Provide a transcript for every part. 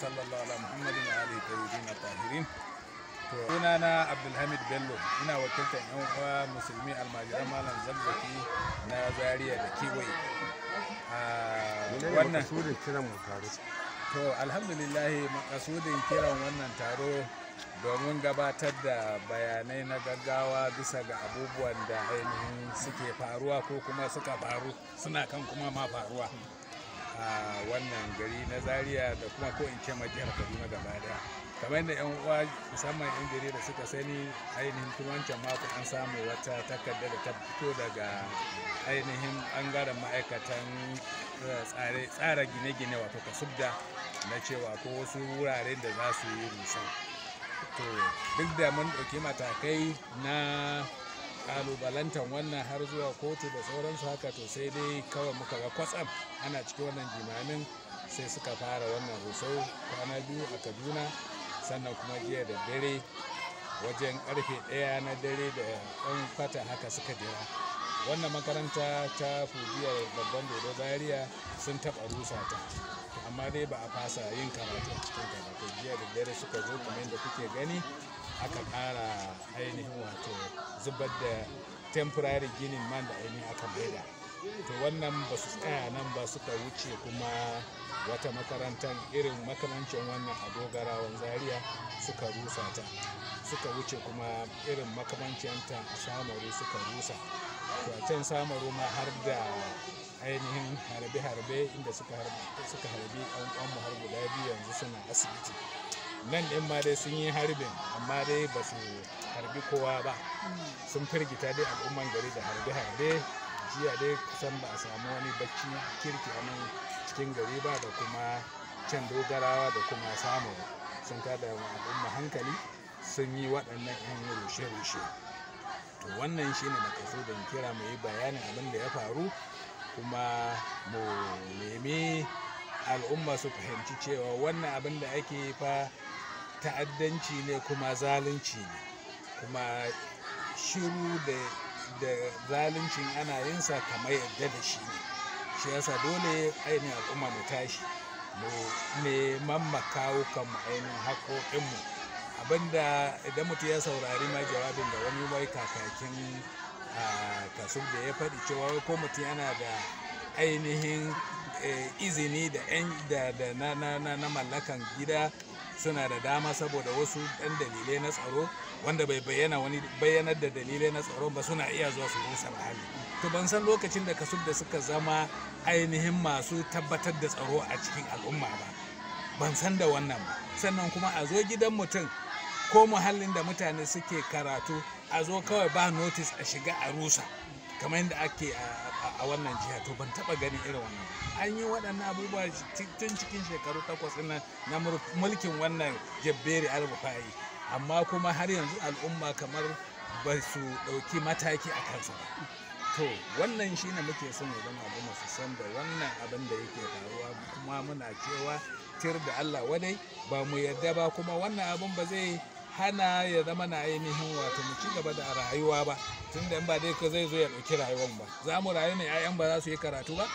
sallallahu ala muhammadin wa alihi tayyibin tahirin to sunana abdulhamid bello ina wakiltar yan uwa musulmi almajiran malam zazzaki na zaria da kewaye ah, wannan to alhamdulillah makasudin kiran wannan taro domin gabatar da bayanai na gaggawa bisa ga abubuwan da ainihin suke faruwa ko kuma suka faru suna kan kuma ma faruwa a wannan gari na zaria da kuma ko in ce majiyar kaduna gaba daya kamar da yan uwa musamman yan da suka sani ainihin tun wancan mako an samu wata takarda da ta fito daga ainihin bangaren ma'aikatan eh, tsara gine-gine wato kasubda na cewa ko wasu wuraren da za su yi rusau to duk da mun ɗauki matakai na kalubalantar wannan har zuwa kotu da sauransu haka to sai dai kawai muka ga kwatsam ana cikin wannan jimamin sai suka fara wannan rusau kwana biyu a kaduna sannan kuma jiya da dare wajen karfe ɗaya na dare da ɗan fata haka suka jira wannan makaranta ta fujiyar babban dodo bariya sun taɓa rusa ta amma dai ba a fasa yin karatu a cikin karatu jiya da dare suka zo kamar yadda kuke gani aka kara ainihin wato zubar da temporary ginin man da ainihin aka maida to wannan ba su tsaya nan ba suka wuce kuma wata makarantar irin makamancin wannan a dogarawan zaria suka rusa ta suka wuce kuma irin ta a samaru suka rusa to a can samaru ma har da ainihin harbe-harbe inda suka harbe an kwanmu har guda biyu yanzu suna asibiti nan ɗin ma dai sun yi harbin amma dai ba su harbi kowa ba sun firgita dai al'umman gari da harbe-harbe jiya dai kusan ba a samu wani bacci kirki a nan cikin gari ba da kuma can dogarawa da kuma samun sun kada al'umma hankali sun yi waɗannan 'yan rushe-rushe to wannan shine makasudin kira mai yi bayanin abin da ya faru kuma mu nemi al'umma su fahimci cewa wannan abin da ake yi fa ta'addanci ne kuma zalunci ne kuma shiru da da zaluncin ana yin sa kamar yadda da shi ne shi yasa dole ainihin al'umma mu tashi mu neman makawo kan mu ainihin haƙoƙinmu abinda idan mutum ya saurari ma jawabin da wani wai kakakin a ah, kasu da ya faɗi cewa ko mutum yana da ainihin Eh, izini da 'yan na mallakan gida suna da dama saboda wasu ɗan dalilai na tsaro wanda bai bayyana wani bayyanar da dalilai na tsaro ba suna iya zuwa su rusa hali to ban san lokacin da kasub da suka zama ainihin masu tabbatar da tsaro a cikin al'umma ba ban san da wannan ba sannan kuma a zo gidan mutum ko muhallin da mutane suke karatu a zo kawai ba notice a shiga a rusa kamar yadda ake a wannan jiha to ban taba gani irin wannan an yi waɗannan abubuwa tun cikin shekaru takwas na mulkin wannan jabberi albufa'i amma kuma har yanzu al'umma kamar ba su ɗauki mataki a kansa ba to wannan shi ne muke son ya zama abu masu san da wannan abin da yake faruwa kuma muna cewa tir da allah wadai ba mu yarda ba kuma wannan abin ba zai hana ya zama na ainihin wato mu ci gaba da rayuwa ba tun da ba dai ka zai zo ya ɗauki rayuwar ba za mu rayu ne 'ya'yan ba za su yi karatu ba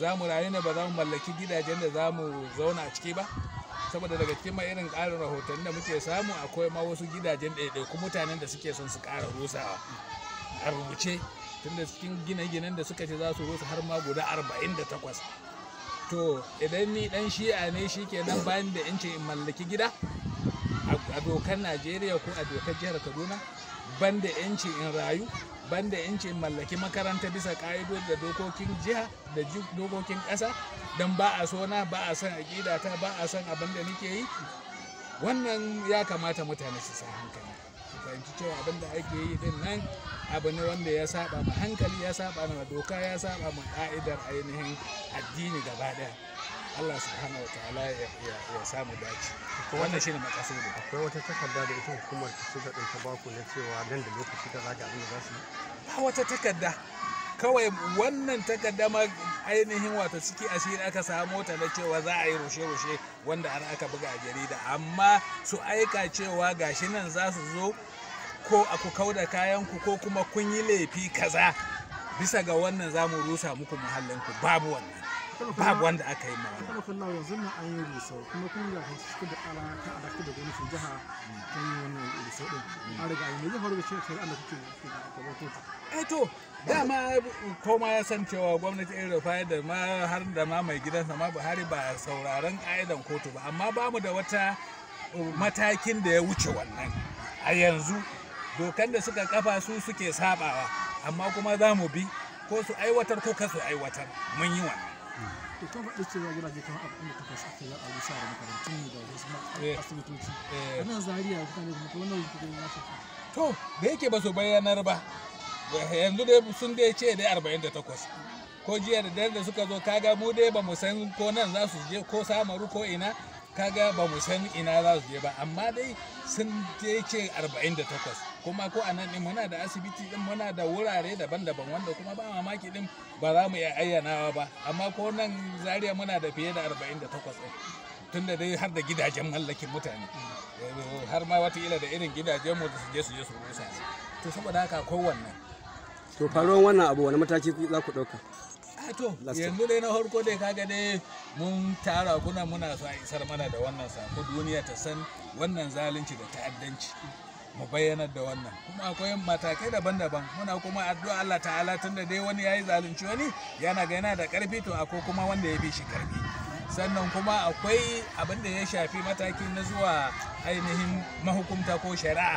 za mu rayu ne ba za mu mallaki gidajen da za mu zauna a ciki ba saboda daga cikin irin ƙarin rahotanni da muke samu akwai ma wasu gidajen ɗaiɗaiku mutanen da suke son su ƙara rusawa a rubuce tunda cikin gine-ginen da suka ce za su rusa har ma guda arba'in da takwas to idan ni dan shi'a ne shi kenan bayan da yanci in mallaki gida a dokar najeriya ko a dokar jihar kaduna banda yanci in rayu banda yanci in mallaki makaranta bisa ka'idodi da dokokin jiha da dokokin ƙasa don ba a sona, ba a son a ta ba a son abin da nake yi wannan ya kamata mutane su sa hankali su fahimci cewa abin da ake yi din nan abu ne wanda ya saba ma hankali ya saba ma doka ya saba ma ka'idar ainihin addini gaba daya Allah subhanahu wa ta'ala ya samu dace wannan shine makasudi akwai wata takarda da ita hukumar suka ɗauka baku na cewa nan da lokaci kaza ga abin da za su yi ba wata takarda kawai wannan takarda ma ainihin wato ciki asiri aka samo ta na cewa za a yi rushe-rushe wanda an aka buga a jarida amma su aika cewa gashi nan za su zo ko a ku kauda kayanku ko kuma kun yi laifi kaza bisa ga wannan za mu rusa muku muhallinku babu wannan babu wanda aka yi mawa kala kallon yanzu na an yi rusau kuma kun ga cikin da ala ta adaka da gwamnati jiha ta yi wannan rusau din an riga yi mai zai faru da cikin shari'a da kuke gaba kotu eh to dama koma ya san cewa gwamnati irin rufa da ma har da ma mai gidansa ma buhari ba sauraron ka'idan kotu ba amma ba mu da wata matakin da ya wuce wannan a yanzu dokan da suka kafa su suke sabawa amma kuma za mu bi ko su aiwatar ko kasu aiwatar mun yi wannan to kuma faɗi cewa guraje kamar abin da ta ake yi a yi da makarantu ne da wasu asibitoci a nan zariya mutane kuma ko wannan da ya shafa to da yake ba su bayyanar ba yanzu dai sun dai ce dai arba'in da takwas ko jiya da dare da suka zo kaga mu dai ba mu san ko nan za su je ko samaru ko ina kaga ba mu san ina za su je ba amma dai sun dai ce arba'in da takwas kuma ko a nan muna da asibiti din muna da wurare daban-daban wanda kuma ba mamaki din ba za mu iya ayyanawa ba amma ko nan Zariya muna da fiye da 48 tunda dai har da gidajen mallakin mutane har ma ila da irin gidajen mu da su je su je su rusa to saboda haka wannan. to faruwan wannan abu wani mataki za ku ɗauka ah, to yanzu dai na harko dai kaga dai mun tara kuna muna so a isar mana da wannan sako duniya ta san wannan zalunci da ta'addanci mu bayyanar da wannan kuma akwai matakai daban-daban muna kuma addu'a Allah ta'ala tun da dai wani yayi zalunci wani yana ga yana da karfi to akwai kuma wanda ya bi shi karfi sannan kuma akwai abin da ya shafi mataki na zuwa ainihin mahukunta ko shari'a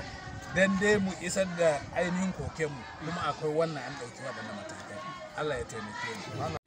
dan dai mu isar da ainihin kokenmu kuma akwai wannan an ɗauki waɗannan matakai Allah ya taimake mu